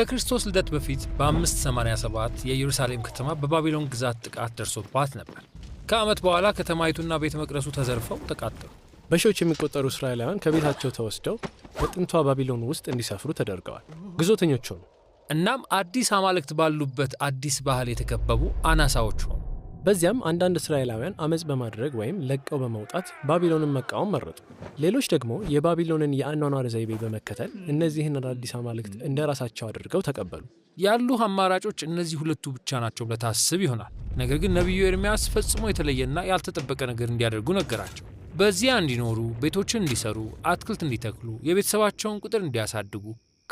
ከክርስቶስ ልደት በፊት በ587 የኢየሩሳሌም ከተማ በባቢሎን ግዛት ጥቃት ደርሶባት ነበር። ከዓመት በኋላ ከተማይቱና ቤተ መቅደሱ ተዘርፈው ተቃጠሉ። በሺዎች የሚቆጠሩ እስራኤላውያን ከቤታቸው ተወስደው በጥንቷ ባቢሎን ውስጥ እንዲሰፍሩ ተደርገዋል። ግዞተኞች ሆኑ። እናም አዲስ አማልክት ባሉበት አዲስ ባህል የተከበቡ አናሳዎች ሆኑ። በዚያም አንዳንድ እስራኤላውያን አመፅ በማድረግ ወይም ለቀው በመውጣት ባቢሎንን መቃወም መረጡ። ሌሎች ደግሞ የባቢሎንን የአኗኗር ዘይቤ በመከተል እነዚህን አዳዲስ አማልክት እንደ ራሳቸው አድርገው ተቀበሉ። ያሉ አማራጮች እነዚህ ሁለቱ ብቻ ናቸው ለታስብ ታስብ ይሆናል። ነገር ግን ነቢዩ ኤርሚያስ ፈጽሞ የተለየና ያልተጠበቀ ነገር እንዲያደርጉ ነገራቸው። በዚያ እንዲኖሩ፣ ቤቶችን እንዲሰሩ፣ አትክልት እንዲተክሉ፣ የቤተሰባቸውን ቁጥር እንዲያሳድጉ፣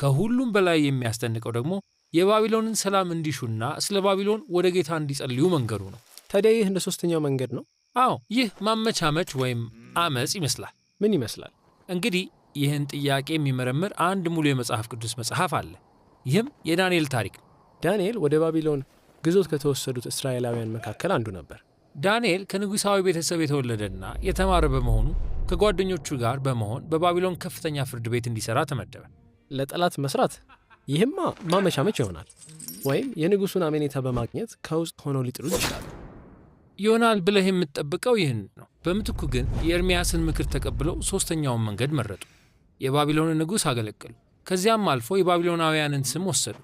ከሁሉም በላይ የሚያስደንቀው ደግሞ የባቢሎንን ሰላም እንዲሹና ስለ ባቢሎን ወደ ጌታ እንዲጸልዩ መንገዱ ነው። ታዲያ ይህ እንደ ሶስተኛው መንገድ ነው? አዎ፣ ይህ ማመቻመች ወይም አመፅ ይመስላል። ምን ይመስላል? እንግዲህ ይህን ጥያቄ የሚመረምር አንድ ሙሉ የመጽሐፍ ቅዱስ መጽሐፍ አለ። ይህም የዳንኤል ታሪክ ነው። ዳንኤል ወደ ባቢሎን ግዞት ከተወሰዱት እስራኤላውያን መካከል አንዱ ነበር። ዳንኤል ከንጉሣዊ ቤተሰብ የተወለደና የተማረ በመሆኑ ከጓደኞቹ ጋር በመሆን በባቢሎን ከፍተኛ ፍርድ ቤት እንዲሠራ ተመደበ። ለጠላት መስራት ይህማ ማመቻመች ይሆናል። ወይም የንጉሡን አመኔታ በማግኘት ከውስጥ ሆነው ሊጥሉት ይችላሉ። ይሆናል ብለህ የምትጠብቀው ይህን ነው። በምትኩ ግን የኤርምያስን ምክር ተቀብለው ሦስተኛውን መንገድ መረጡ። የባቢሎን ንጉሥ አገለገሉ። ከዚያም አልፎ የባቢሎናውያንን ስም ወሰዱ።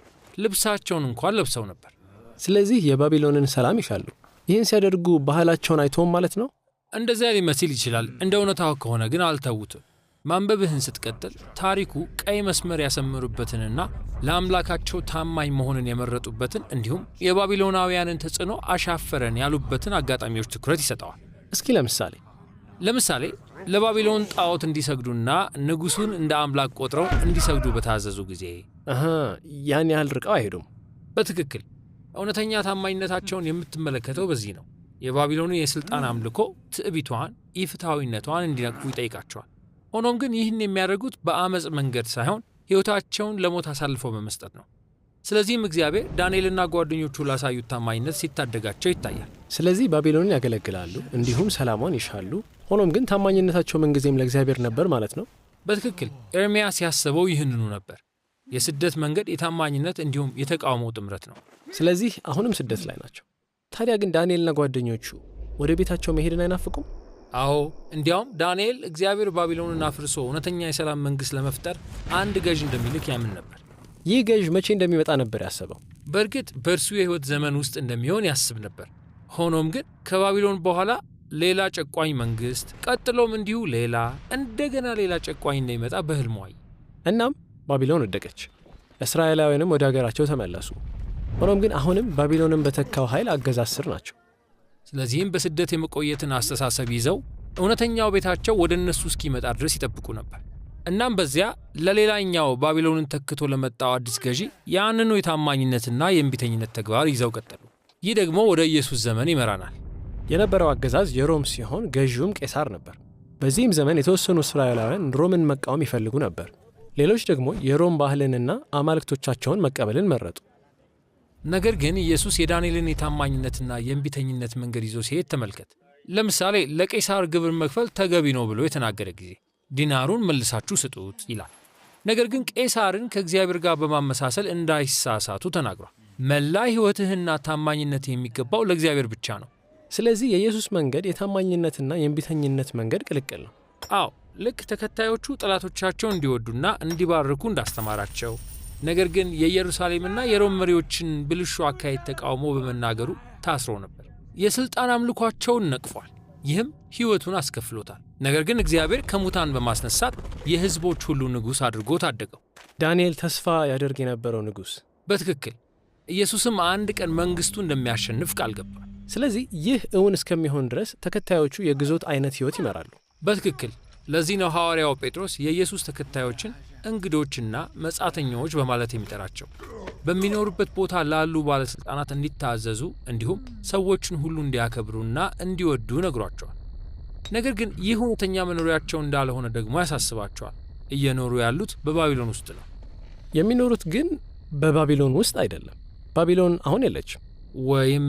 ልብሳቸውን እንኳን ለብሰው ነበር። ስለዚህ የባቢሎንን ሰላም ይሻሉ። ይህን ሲያደርጉ ባህላቸውን አይተውም ማለት ነው። እንደዚያ ሊመስል ይችላል። እንደ እውነታው ከሆነ ግን አልተውትም። ማንበብህን ስትቀጥል ታሪኩ ቀይ መስመር ያሰምሩበትንና ለአምላካቸው ታማኝ መሆንን የመረጡበትን እንዲሁም የባቢሎናውያንን ተጽዕኖ አሻፈረን ያሉበትን አጋጣሚዎች ትኩረት ይሰጠዋል። እስኪ ለምሳሌ ለምሳሌ ለባቢሎን ጣዖት እንዲሰግዱና ንጉሱን እንደ አምላክ ቆጥረው እንዲሰግዱ በታዘዙ ጊዜ ያን ያህል ርቀው አይሄዱም። በትክክል እውነተኛ ታማኝነታቸውን የምትመለከተው በዚህ ነው። የባቢሎንን የሥልጣን አምልኮ ትዕቢቷን፣ ኢፍትሐዊነቷን እንዲነቅፉ ይጠይቃቸዋል። ሆኖም ግን ይህን የሚያደርጉት በአመፅ መንገድ ሳይሆን ሕይወታቸውን ለሞት አሳልፈው በመስጠት ነው። ስለዚህም እግዚአብሔር ዳንኤልና ጓደኞቹ ላሳዩት ታማኝነት ሲታደጋቸው ይታያል። ስለዚህ ባቢሎንን ያገለግላሉ፣ እንዲሁም ሰላሟን ይሻሉ። ሆኖም ግን ታማኝነታቸው ምንጊዜም ለእግዚአብሔር ነበር ማለት ነው። በትክክል ኤርምያስ ያሰበው ይህንኑ ነበር። የስደት መንገድ የታማኝነት እንዲሁም የተቃውሞ ጥምረት ነው። ስለዚህ አሁንም ስደት ላይ ናቸው። ታዲያ ግን ዳንኤልና ጓደኞቹ ወደ ቤታቸው መሄድን አይናፍቁም? አዎ እንዲያውም ዳንኤል እግዚአብሔር ባቢሎንን አፍርሶ እውነተኛ የሰላም መንግሥት ለመፍጠር አንድ ገዥ እንደሚልክ ያምን ነበር። ይህ ገዥ መቼ እንደሚመጣ ነበር ያሰበው። በእርግጥ በእርሱ የሕይወት ዘመን ውስጥ እንደሚሆን ያስብ ነበር። ሆኖም ግን ከባቢሎን በኋላ ሌላ ጨቋኝ መንግሥት፣ ቀጥሎም እንዲሁ ሌላ፣ እንደገና ሌላ ጨቋኝ እንደሚመጣ በሕልሙ አየ። እናም ባቢሎን ወደቀች፣ እስራኤላውያንም ወደ አገራቸው ተመለሱ። ሆኖም ግን አሁንም ባቢሎንን በተካው ኃይል አገዛዝ ስር ናቸው። ስለዚህም በስደት የመቆየትን አስተሳሰብ ይዘው እውነተኛው ቤታቸው ወደ እነሱ እስኪመጣ ድረስ ይጠብቁ ነበር። እናም በዚያ ለሌላኛው ባቢሎንን ተክቶ ለመጣው አዲስ ገዢ ያንኑ የታማኝነትና የእምቢተኝነት ተግባር ይዘው ቀጠሉ። ይህ ደግሞ ወደ ኢየሱስ ዘመን ይመራናል። የነበረው አገዛዝ የሮም ሲሆን ገዢውም ቄሳር ነበር። በዚህም ዘመን የተወሰኑ እስራኤላውያን ሮምን መቃወም ይፈልጉ ነበር። ሌሎች ደግሞ የሮም ባህልንና አማልክቶቻቸውን መቀበልን መረጡ። ነገር ግን ኢየሱስ የዳንኤልን የታማኝነትና የእንቢተኝነት መንገድ ይዞ ሲሄድ ተመልከት። ለምሳሌ ለቄሳር ግብር መክፈል ተገቢ ነው ብሎ የተናገረ ጊዜ ዲናሩን መልሳችሁ ስጡት ይላል። ነገር ግን ቄሳርን ከእግዚአብሔር ጋር በማመሳሰል እንዳይሳሳቱ ተናግሯል። መላ ሕይወትህና ታማኝነት የሚገባው ለእግዚአብሔር ብቻ ነው። ስለዚህ የኢየሱስ መንገድ የታማኝነትና የእንቢተኝነት መንገድ ቅልቅል ነው። አዎ ልክ ተከታዮቹ ጠላቶቻቸው እንዲወዱና እንዲባርኩ እንዳስተማራቸው ነገር ግን የኢየሩሳሌምና የሮም መሪዎችን ብልሹ አካሄድ ተቃውሞ በመናገሩ ታስሮ ነበር። የሥልጣን አምልኳቸውን ነቅፏል። ይህም ሕይወቱን አስከፍሎታል። ነገር ግን እግዚአብሔር ከሙታን በማስነሳት የሕዝቦች ሁሉ ንጉሥ አድርጎ ታደገው። ዳንኤል ተስፋ ያደርግ የነበረው ንጉሥ በትክክል ኢየሱስም አንድ ቀን መንግሥቱ እንደሚያሸንፍ ቃል ገባ። ስለዚህ ይህ እውን እስከሚሆን ድረስ ተከታዮቹ የግዞት አይነት ሕይወት ይመራሉ። በትክክል ለዚህ ነው ሐዋርያው ጴጥሮስ የኢየሱስ ተከታዮችን እንግዶችና መጻተኛዎች በማለት የሚጠራቸው። በሚኖሩበት ቦታ ላሉ ባለሥልጣናት እንዲታዘዙ እንዲሁም ሰዎችን ሁሉ እንዲያከብሩና እንዲወዱ ነግሯቸዋል። ነገር ግን ይህ እውነተኛ መኖሪያቸው እንዳልሆነ ደግሞ ያሳስባቸዋል። እየኖሩ ያሉት በባቢሎን ውስጥ ነው። የሚኖሩት ግን በባቢሎን ውስጥ አይደለም። ባቢሎን አሁን የለችም። ወይም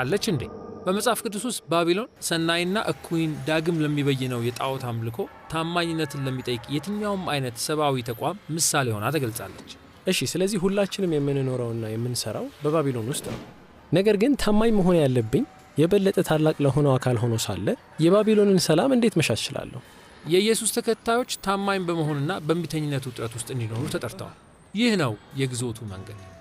አለች እንዴ? በመጽሐፍ ቅዱስ ውስጥ ባቢሎን ሰናይና እኩይን ዳግም ለሚበይነው የጣዖት አምልኮ ታማኝነትን ለሚጠይቅ የትኛውም አይነት ሰብአዊ ተቋም ምሳሌ ሆና ተገልጻለች። እሺ፣ ስለዚህ ሁላችንም የምንኖረውና የምንሰራው በባቢሎን ውስጥ ነው። ነገር ግን ታማኝ መሆን ያለብኝ የበለጠ ታላቅ ለሆነው አካል ሆኖ ሳለ የባቢሎንን ሰላም እንዴት መሻት እችላለሁ? የኢየሱስ ተከታዮች ታማኝ በመሆንና በእምቢተኝነት ውጥረት ውስጥ እንዲኖሩ ተጠርተዋል። ይህ ነው የግዞቱ መንገድ።